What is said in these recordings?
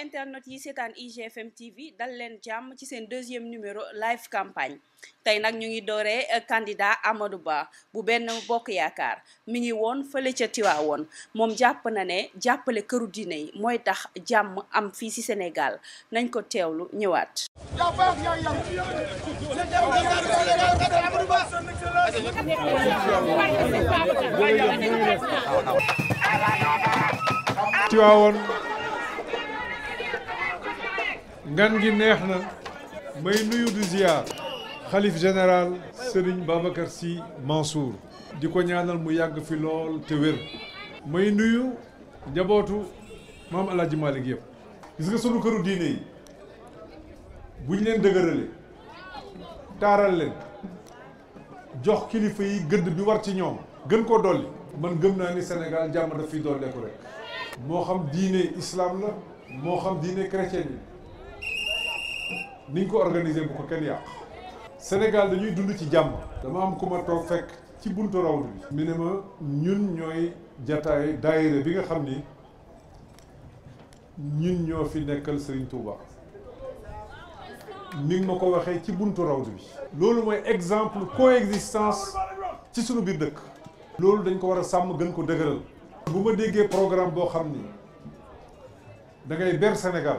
internet yi seetaan IGFM TV dal leen jàmm ci seen deuxième numéro live campagne tey nag ñu ngi dooree euh, candidat Amadou Ba bu benn bokk yaakaar mi ngi woon fële ca Tiwaawoon moom jàpp na ne jàppale këru diine yi mooy tax jàmm am fii ci Sénégal nañ ko teewlu ñëwaat. Tiwaawoon. ngan gi neex na may nuyu du ziar xalif général Serigne Babacar Sy Mansour di ko ñaanal mu yàgg fi lool te wér may nuyu njabootu maam El Hadj Malick yëpp gis nga sunu këru diine yi buñ leen dëgërale taaral leen jox kilifa yi gëdd bi war ci ñoom gën koo dolli man gëm naa ni senegaal jàmm daf fi dolleeku rek moo xam diine islam la moo xam diine chrétien yi Nous avons organisé organiser bu ko kenn Sénégal dañuy dund ci jàmm dama am ku ma toog fekk ci buntu rawdu bi mi ne ma ñun ñooy jataay daayira bi nga Nous ñun ñoo fi nekkal Serigne Touba mi exemple coexistence ci sunu biir dëkk loolu dañ ko war a gën ko dëgëral programme boo xam Sénégal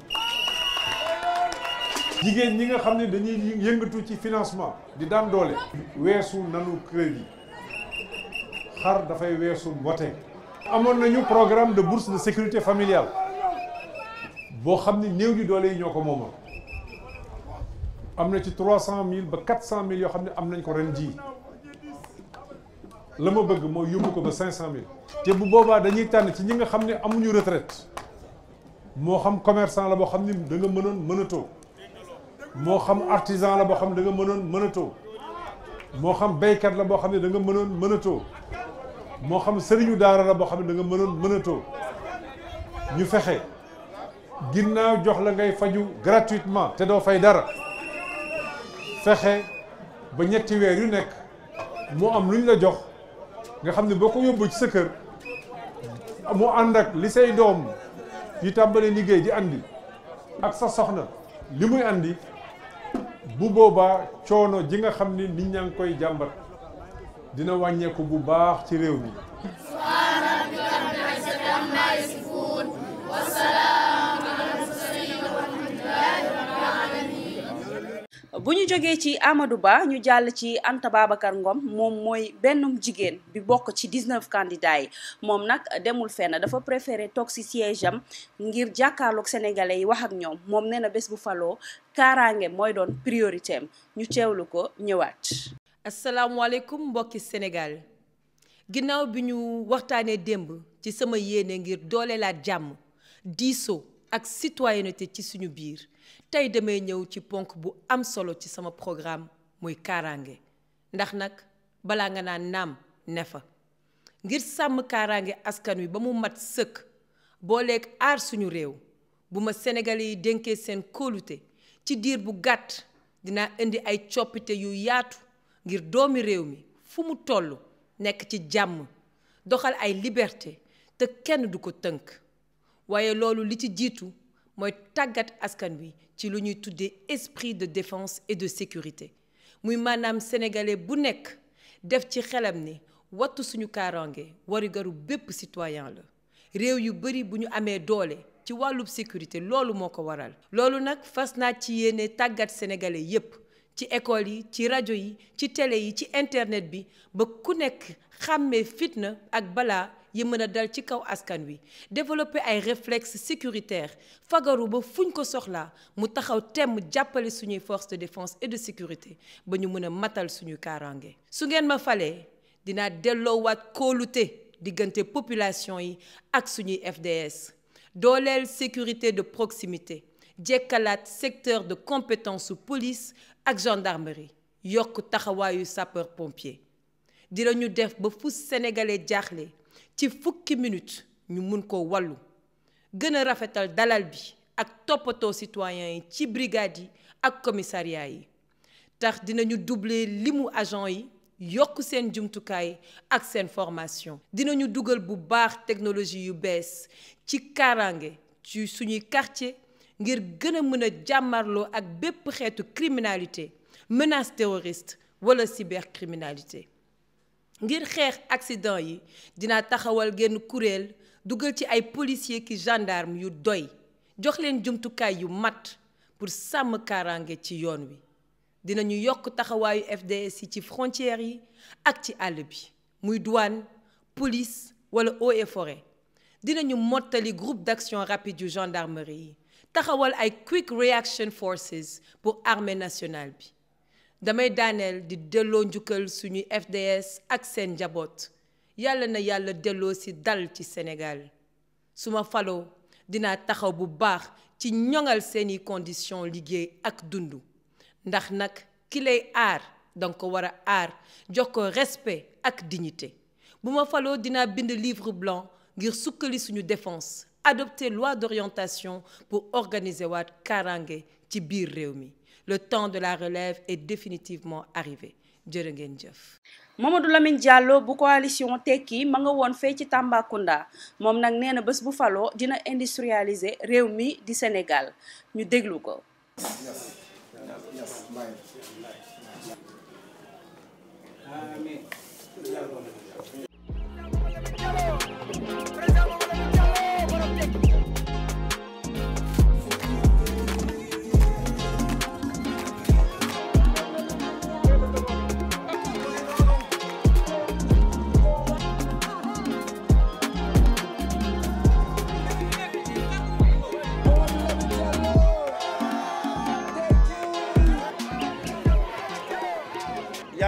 jigéen ñi nga xam ne dañuy yëngatu ci financement di daan doole weesu nanu kër yi xar dafay weesu mbote amoon nañu programme de bourse de sécurité familiale boo xam ne néew ñu doole yi ñoo ko moomal am na ci trois cent mille ba quatre cent mille yoo xam ne am nañ ko ren ji la ma bëgg mooy yóbbu ko ba cinq cent mille te bu boobaa dañuy tànn ci ñi nga xam ne amuñu retraite moo xam commerçant la boo xam ne da nga mënoon mënatoo moo xam artisan la boo xam ne da nga mënoon mënatoo moo xam béykat la boo xam ne da nga mënoon mënatoo moo xam sëriñu daara la boo xam ne da nga mënoon mënatoo ñu fexe ginnaaw jox la ngay faju gratuitement te doo fay dara fexe ba ñetti weer yu nekk mu am lu ñu la jox nga xam ne boo ko yóbbu ci sa kër mu ànd ak li say doom yi tàmbalee liggéey di àndi ak sa soxna li muy andi bu boobaa coono ji nga xam ni nit ñaa ngi koy jàmbat dina wàññeeku bu baax ci réew mi bu ñu jógee ci Amadou Ba ñu jàll ci Anta Ngom moom mooy benn jigéen bi bokk ci 19 candidats yi moom nag demul fenn dafa préféré toog si siège ngir jàkkaarloog sénégalais yi wax ak ñoom moom nee na bés bu faloo kaaraange mooy doon priorité am ñu teewlu ko ñëwaat. asalaamualeykum mbokki Sénégal ginnaaw bi ñu waxtaanee démb ci sama yéene ngir doolelaat jàmm diisoo. ak citoyenneté ci suñu biir tey damay ñëw ci ponk bu am solo ci sama programme muy kaaraange ndax nag balaa nga naan naam ne fa ngir sàmm kaaraange askan wi ba mu mat sëkk lekk aar suñu réew bu ma Sénégalais yi dénkee seen kóolute ci diir bu gàtt dinaa indi ay coppite yu yaatu ngir doomi réew mi fu mu toll nekk ci jàmm doxal ay liberté te kenn du ko tënk Waye l'olu li ci jitu moy tagat askan wi ci lu ñuy esprit de défense et de sécurité muy manam sénégalais bu nek def ci xelam ni wattu suñu kaaraange garu bép citoyen le. réew yu bëri bu amé amee ci walu sécurité l'olu moko waral. loolu nak fas ci yéene tagat sénégalais yépp ci école yi ci radio yi ci télé yi ci internet bi ba ku nek xamé fitna ak bala yi mën a dal ci kaw askan wi développer ay réflexes sécuritaires fagaru ba fuñ ko soxlaa mu taxaw temm jàppale suñuy force de défense et de sécurité ba ñu mën a matal suñu karangé. su ngeen ma falee dinaa delloowaat kóolute diggante population yi ak suñuy FDS dooleel sécurité de proximité jekkalaat secteur de compétence police ak gendarmerie yokk taxawaayu sapeur pompier dinañu def ba fu sénégalais jaaxle. Ti fuk ki minut, mi moun ko walu. Gene rafetal dalalbi ak topoto sitwayen ti brigadi ak komisariyay. Tak dine nou double li mou ajan yi, yokou sen djumtoukaye ak sen formasyon. Dine nou dugel bou bar teknoloji yu bes, ti karange, ti sounyi kartye, ngir gene moune djam marlo ak bep prete kriminalite, menas terorist, wole siber kriminalite. ngir xex accident yi dina taxawal genn kuréel dugal ci ay policiers ki gendarmes yu doy jox leen jumtukaay yu mat pour sàmm kaaraange ci yoon wi dinañu yokk taxawaayu FDS yi ci frontières yi ak ci àll bi muy douane police wala eaux et forêt dinañu mottali groupe d'action rapide yu gendarmerie yi taxawal ay quick reaction forces pour armée nationale bi damay Daniel, di delloo njukkal FDS ak seen njaboot yàlla na yàlla delloo si dal ci Sénégal suma la faloo dinaa taxaw bu baax ci ñongal seeni conditions liggéey ak dund ndax nag ki lay jox ko respect ak dignité bu ma faloo livre blanc ngir sukkali suñu défense Adopter loi d'orientation pour organiser waat kaaraange ci biir le temps de la relève est définitivement arrivé. jërë ngeen Mamadou Lamine Diallo bu coalition tekki ma nga woon fee ci Tambacounda moom nag nee na bés bu falo dina industrialiser réew mi di Sénégal ñu déglu ko. Amen.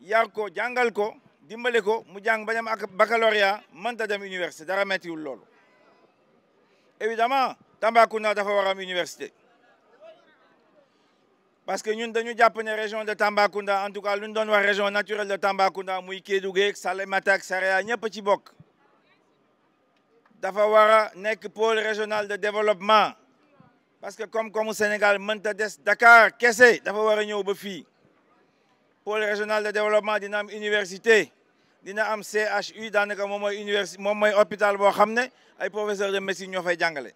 yako jangal ko dimbalé ko mu jang bañam dem ak baccalauréat ta dem université dara mettiwul loolu évidemment Tambacounda dafa wara université parce que ñun dañu japp né région de Tambacounda en tout cas lu ñu doon wax région naturelle de Tambacounda muy Kédougé Salémata ak Saraya ñëpp ci bok dafa wara nek pôle régional de développement parce que comme comme Sénégal mënta des Dakar kese dafa wara ñëw ba fi pôle régional de développement dina université dina am CHU daanaka moom mooy université moom hôpital bo xamné ay professeur de médecine ñofay jàngalé.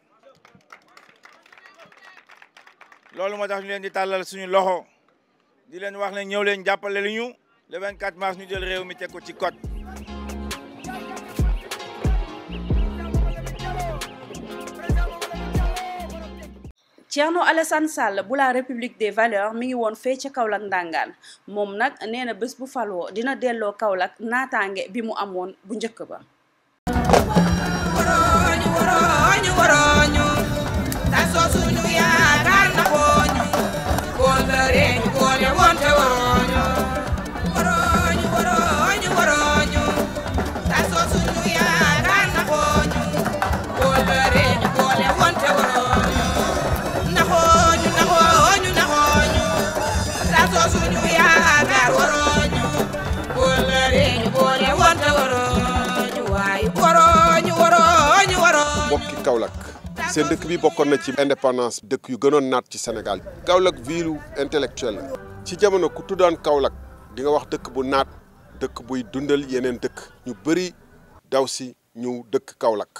Lolu mo tax ñu leen di talal suñu loxo di leen wax né ñew leen jappalé lu ñu le 24 mars ñu jël réew mi teg ko ci code. Thierno Alassane Sall bu la République des valeurs mi ngi woon fee ca Kaolack ndàngaan moom nag nee na bés bu faloo dina delloo Kaolack naataange bi mu amoon bu njëkk ba C'est dëkk bi bokkoon na ci indépendance dëkk yu gënoon naat ci Sénégal Kaolack ville intellectuel la ci jamono ku tuddaan Kaolack di nga wax dëkk bu naat dëkk buy dundal yeneen dëkk ñu bëri daw si ñu dëkk Kaolack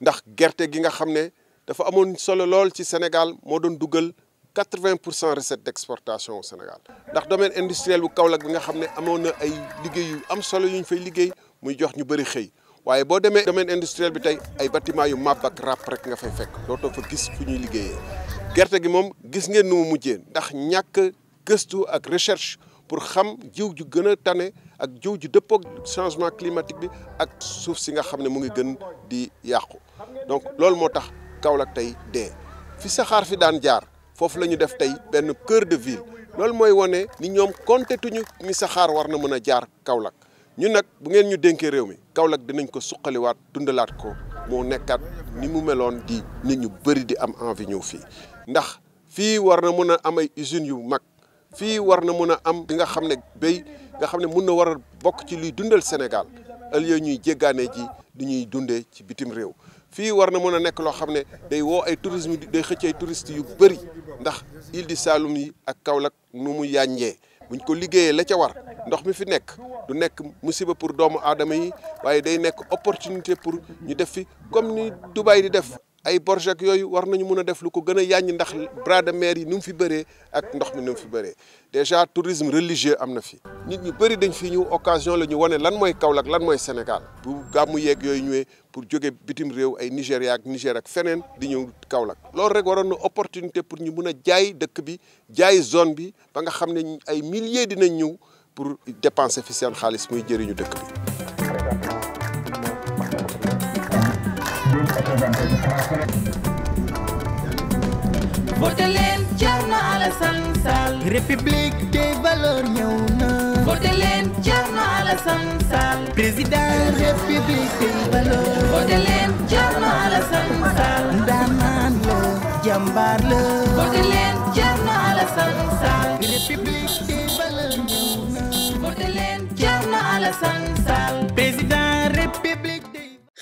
ndax gerte gi nga xam ne dafa amoon solo lool ci Sénégal moo doon dugal 80% vingt pour cent recette d'exportation au Sénégal ndax domaine industriel bu Kaolack bi nga xam ne amoon na ay liggéey yu am solo yu ñu fay liggéey muy jox ñu bëri xëy waaye boo demee domaine industriel bi tey ay bâtiment yu màbb ak ràpp rek nga fay fekk dootoo fa gis fu ñuy liggéeyee gerte gi moom gis ngeen nu mu mujjee ndax ñàkk gëstu ak recherche pour xam jiw ju gën a tane ak jiw ju dëppoog changement climatique bi ak suuf si nga xam ne mu ngi gën di yàqu donc loolu moo tax tay tey dee fi saxaar fi daan jaar foofu la ñu def tey benn cœur de ville loolu mooy wane ni ñoom compté tuñu ni saxaar war na mën jaar Kaolack ñun nag bu ngeen ñu dénkee réew mi Kaolack dinañ ko suqaliwaat dundalaat ko moo nekkaat ni mu meloon di nit ñu bëri di am envie ñëw fii ndax fii war na mën a am ay usines yu mag fii war na mën a am li nga xam ne béy nga xam ne mun na war bokk ci luy dundal Sénégal ëllëg ñuy jéggaane ji du ñuy dundee ci bitim réew fii war na mën a nekk loo xam ne day woo ay tourisme day xëcc ay touristes yu bëri ndax Île du Saloum yi ak Kaolack nu mu yànjee buñ ko liggéeyee la ca war ndox mi fi nekk du nekk musiba pour doomu aadama yi waaye day nekk opportunité pour ñu def fi comme ni Dubaï di def ay borge yooyu war nañu mun a def lu ko gën a yàññ ndax bras de mer yi ni mu fi bëree ak ndox mi ni mu fi bëree déjà tourisme religieux am na fi. nit ñu bëri dañ fi ñëw occasion la ñu wane lan mooy Kaolack lan mooy Sénégal bu gàmmu yeeg yooyu ñëwee pour jóge bitim réew ay Nigéria ak Niger ak feneen di ñëw Kaolack. loolu rek waroon na opportunité pour ñu mun a jaay dëkk bi jaay zone bi ba nga xam ne ay milliers dinañ ñëw. pour dépenser fi xaalis muy jëriñu dëkk république des valeurs ñëw na. voté leen ndaanaan la jàmbaar la. voté leen Thierno Alassane Sall. république voté leen Thierno Sall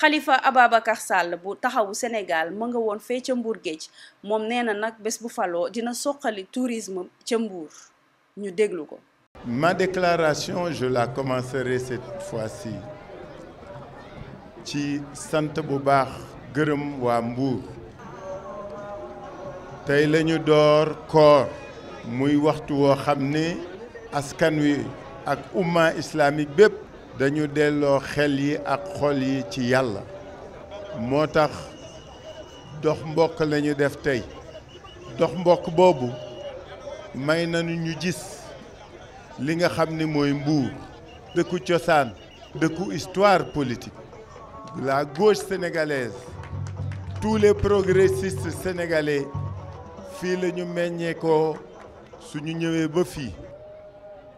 Khalifa Ababakar Sall bu taxaw Sénégal ma nga won fe ci Mbour géej mom nee nak nag bu faloo dina soxali tourisme ci Mbour ñu déglu ko ma déclaration je la commencerai cette fois-ci ci sant bu baax gërëm wa Mbour tay lañu door koor muy waxtu wo xamné askan wi ak umma islamique bépp dañu delloo xel yi ak xol yi ci dox mbokk def dox mbokk may nañu ñu histoire politique la gauche sénégalaise tous les progressistes sénégalais fii la ñu suñu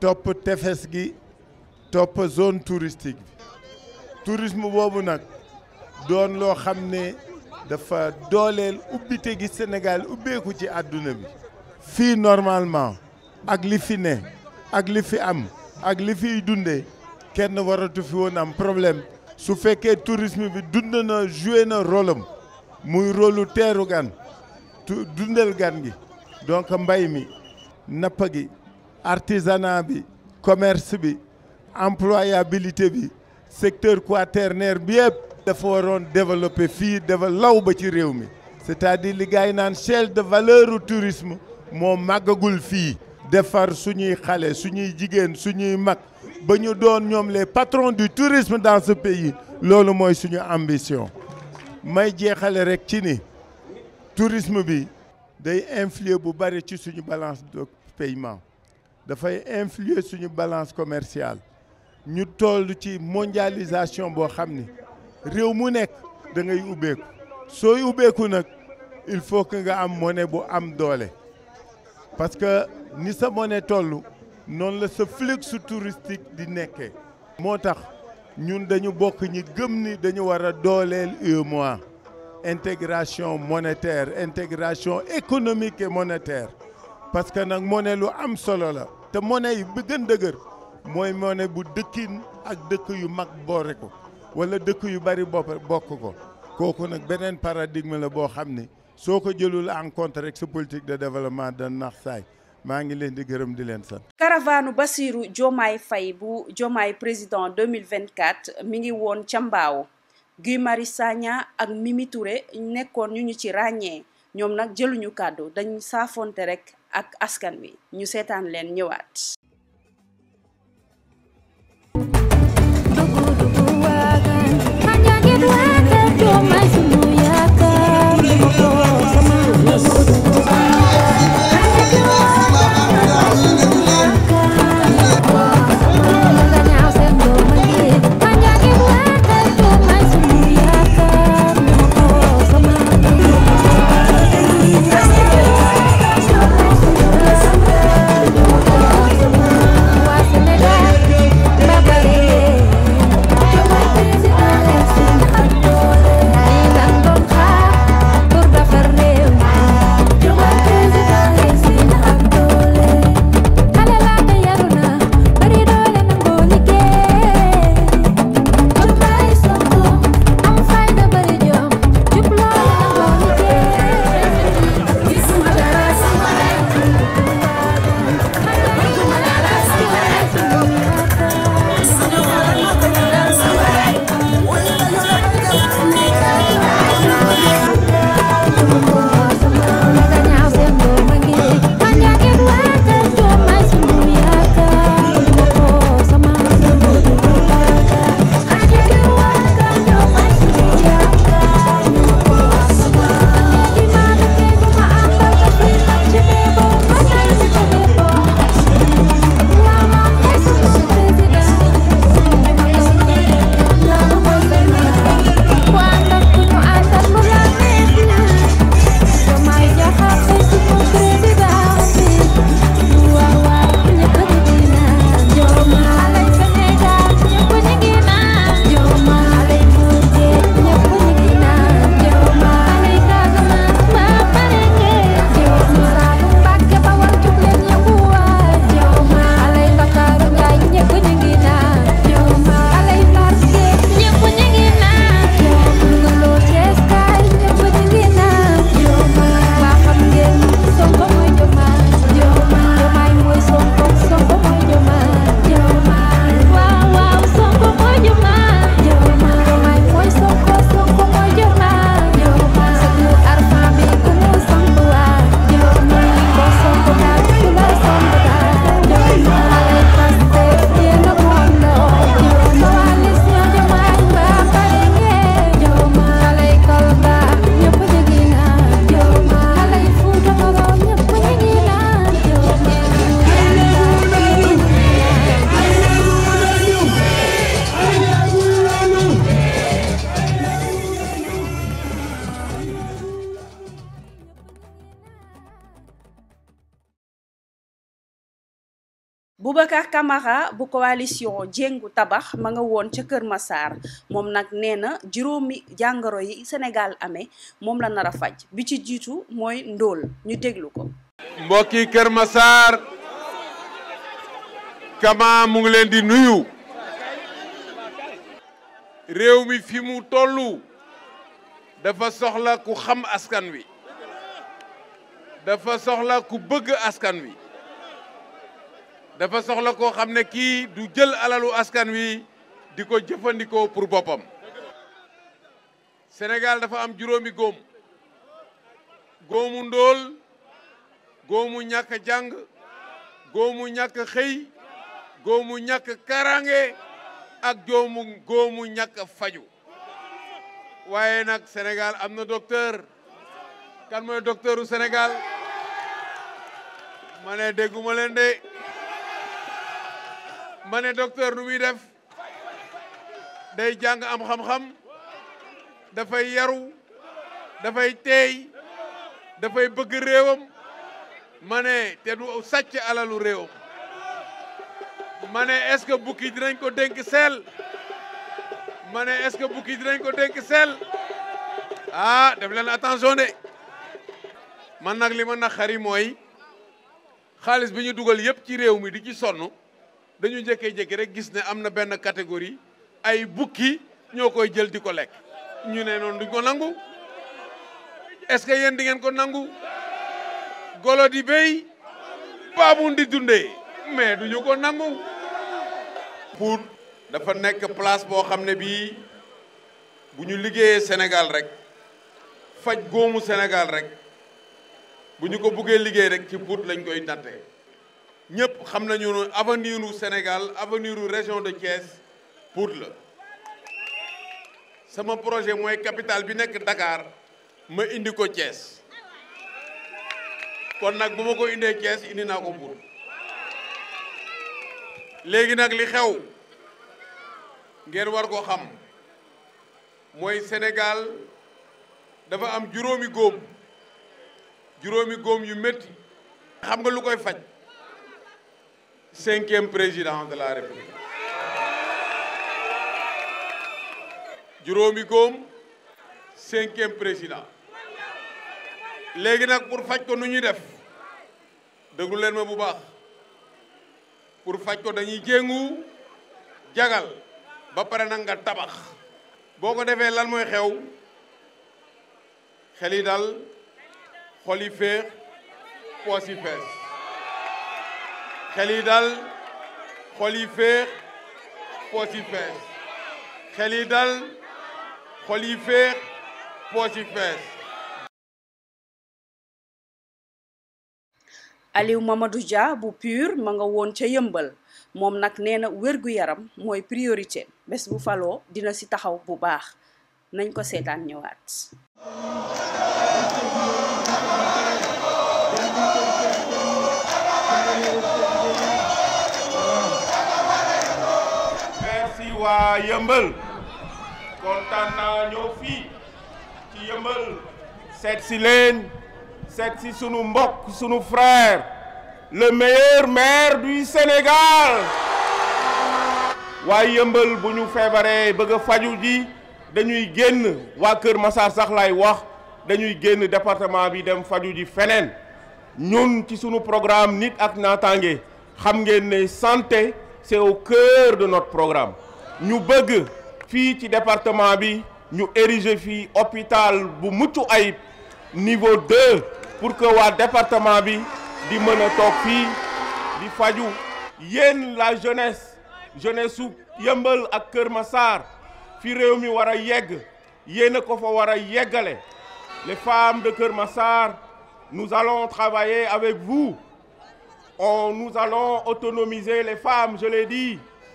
topp tefes gi topp zone touristique bi tourisme boobu nag doon loo xam ne dafa dooleel ubbite gi Sénégal ubbeeku ci àdduna bi fii normalement ak li fi ne ak li fi am ak li fiy dunde kenn waratu fi woon am problème su fekkee tourisme bi dund na joué na rôle muy rôlu teeru gan dundal gan gi donc mbay mi napp gi artisanat bi commerce bi employabilité bi secteur quaternaire bi yëpp dafa développer fi dafa law ba ci c'est-à-dire li gars yi naan chaîne de valeur au tourisme moo màggagul de defar suñuy xalé suñuy jigen suñuy mag bañu doon ñom les patrons du tourisme dans ce pays lolu moy suñu ambition may jéxalé rek ci ni tourisme bi day influer bu bari ci suñu balance de paiement faut influer notre balance commerciale Nous avons mondialisation Si mu da ngay il faut que monnaie parce que ni sa monnaie non flux touristique di une ñun dañu intégration monétaire intégration économique et monétaire parce que nous monnaie am solo la te monnaie yi bi gën dëgër mooy monnaie bu dëkkin ak dëkk yu mag boore ko wala dëkk yu bari bopp bokk ko kooku nag beneen paradigme la boo xam ni soo ko jëlul en compte sa politique de développement da nax saay maa ngi leen di gërëm di leen sant. caravane Bassirou Diomaye fay bu Diomaye président 2024 mi ngi woon ca Mbao Guy Marius Sagna ak Mimi Touré nekkoon ñu ñu ci ràññee ñoom nag jëluñu kàddu dañ saafonte rek ak askan wi ñu seetaan leen ñëwaat Boubacar Camara bu coalition jengu Tabakh ma nga won ci Keur Massar Senegal nak neena juroomi juróomi yi Senegal amé mom la nara faj bi ci jitu moy ndol ñu déglu ko. mbokki Keur Massar Kama mu ngi len di nuyu. réew mi fi mu tollu dafa soxla ku xam askan wi dafa soxla ku bëgg askan wi. dafa soxla koo xam ne kii du jël alalu askan wi di ko jëfandikoo pour boppam senegal dafa am juróomi góom góomu ndóol góomu ñàkk jàng góomu ñàkk xëy góomu ñàkk karange ak joomu góomu ñàkk faju waaye nag Sénégal am na docteur kan mooy docteuru Sénégal ma ne leen de mane ne docteur nu muy def day jàng am xam-xam dafay yaru dafay teey dafay bëgg réewam ma ne te du sàcc alalu réewam ma ne est-ce que bukki dinañ ko dénk seel ma ne est-ce que bukki dinañ ko dénk sel ah def leen attention de man nag li ma naqari mooy xaalis bi ñu dugal yëpp ci réew mi di ci sonn dañu jékkee-jékki rek gis ne am na benn catégorie ay bukki ñoo koy jël di ko lekk ñu ne noonu duñ ko nangu est-ce que yéen di ngeen ko nangu golo di béy paamun di dundee mais duñu ko nangu pour dafa nekk place boo xam ne bii bu ñu liggéeyee senegal rek faj góomu Sénégal rek bu ñu ko buggee liggéey rek ci Pout lañ koy nattee ñëpp xam nañu avenir du Sénégal avenir la région de Thiès pour le. sama projet mooy capitale bi Dakar ma indi ko Thiès kon nag bu ko indee Thiès indi naa ko léegi nag li xew war ko xam mooy Sénégal dafa am yu xam nga cinquième président de la république juróomi góom cinquième président léegi nag pour faj ko nu ñuy def déglu leen ma bu baax pour faj ko dañuy jéngu jagal ba pare nag nga tabax boo ko defee lan mooy xew xel yi dal xol yi féex poos xel yi dal bu PUR ma nga woon ca yëmbal moom nag neena na yaram mooy priorité bés bu falo dina ci taxaw bu baax nañ ko seetaan ñëwaat Wa yëmbal kontaan ci yembal si leen si sunu frère le meilleur maire du Sénégal waa yëmbal bu ñu feebaree bëgg a faju ji dañuy génn waa Kër Massar sax lay wax dañuy génn département bi dem faju ji feneen ñun ci sunu programme nit ak naataange xam ngeen ne santé c'est au cœur de notre programme nous bëgg fi ci département bi ñu ériger fi hôpital bu mucc ayib niveau 2 pour que wa département bi di mën fi di faju la jeunesse jeunesse su ak Kër Massar fi réew mi yegg ko fa les femmes de Kermassar, nous allons travailler avec vous on nous allons autonomiser les femmes je l'ai dit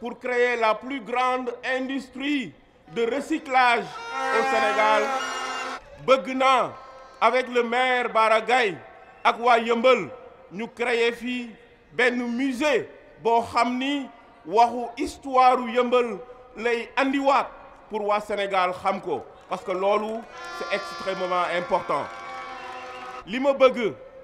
pour créer la plus grande industrie de recyclage au Sénégal Beugna, avec le maire Baragay ak Yambol... nous créer musée pour savoir waxu histoire pour Sénégal parce que c'est extrêmement important li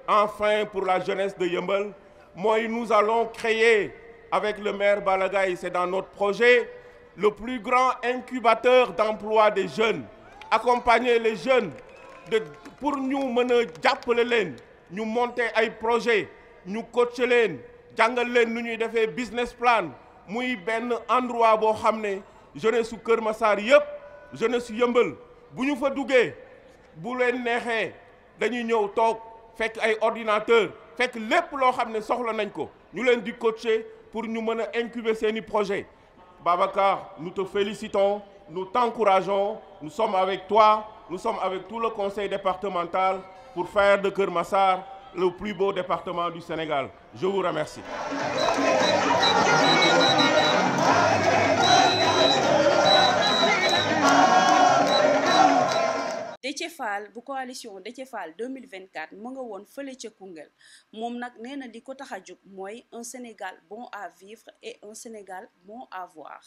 enfin pour la jeunesse de Yembel, Moi nous allons créer avec le maire Balagaï, c'est dans notre projet, le plus grand incubateur d'emploi des jeunes. Accompagner les jeunes pour nous mener nous monter un projet, nous coacher nous faire leen business plan muy ben endroit boo je ne suis que Massar je ne suis suis nous fa nous bu leen neexee dañuy ñëw toog fekk ordinateur fekk coacher pour nous mener à incuber nouveaux projets. Babacar nous te félicitons nous t'encourageons nous sommes avec toi nous sommes avec tout le conseil départemental pour faire de Kermassar le plus beau département du Sénégal je vous remercie Déthié bu coalition Déthié 2024 mu nga woon fële ca Koungheul moom nag nee na li ko a mooy un Sénégal bon à vivre et un Sénégal bon à voir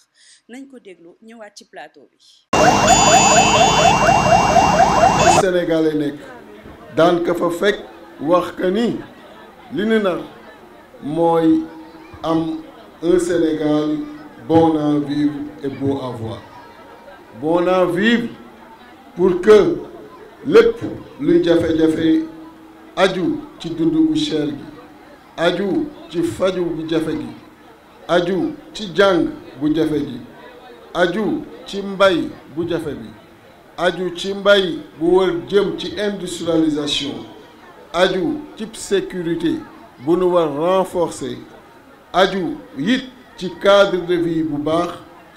nañ ko déglu ñëwaat ci plateau bi. Sénégal yi nekk daan ka fa fekk wax que ni li ni nar mooy am un Sénégal bon à vivre et bon à voir bon à vivre pour que lepp luy jafe-jafe aju ci dundu gu cher gi aju ci faju bu jafé gi aju ci jang bu jafé gi aju ci mbay bu aju ci mbay bu wër jëm ci industrialisation aju ci sécurité bu nu war renforcer aju yit ci cadre de vie bu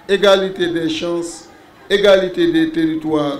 égalité des chances égalité des territoires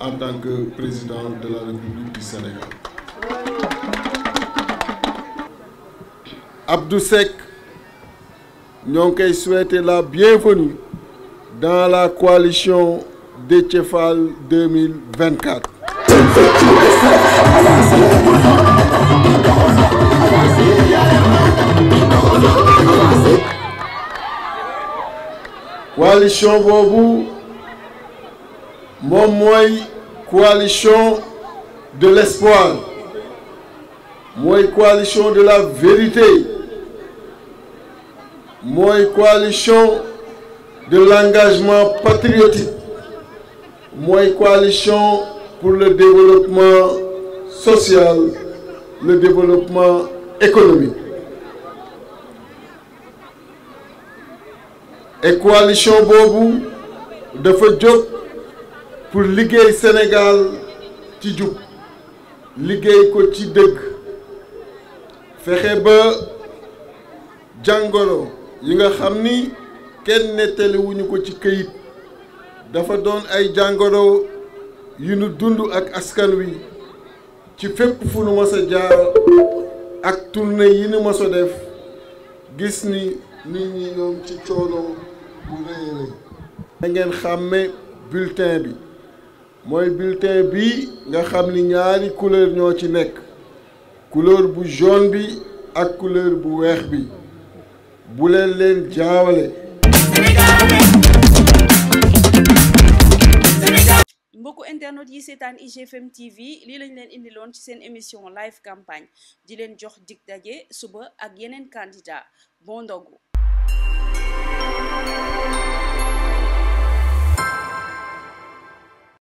en tant que président de la République du Sénégal. Abdou Sek, nous la bienvenue dans la coalition des 2024. coalition vous moom mooy coalition de l'espoir mooy coalition de la vérité mooy coalition de l'engagement patriotique mooy coalition pour le développement social le développement économique et coalition boobu dafa jóg pour liggéey Sénégal ci jub liggéey ko ci dëgg fexe ba jàngoro yi nga xam ni kenn nettaliwuñu ko ci këyit dafa doon ay jàngoro yu nu dund ak askan wi ci fépp fu nu mës jaar ak tournée yi nu mës def gis ni nit ñi ñoom ci coono bu rëy rëy da ngeen xàmme bulletin bi moy bulletin bi nga xam ni ñaari couleur ñoo ci nekk couleur bu jaune bi ak couleur bu weex bi bu leen leen jaawale. mbokku internet yi seetaan IGFM TV lii lañ leen indi indiloon ci seen émission live campagne di leen jox dig daje suba ak yeneen candidat bon ndogu.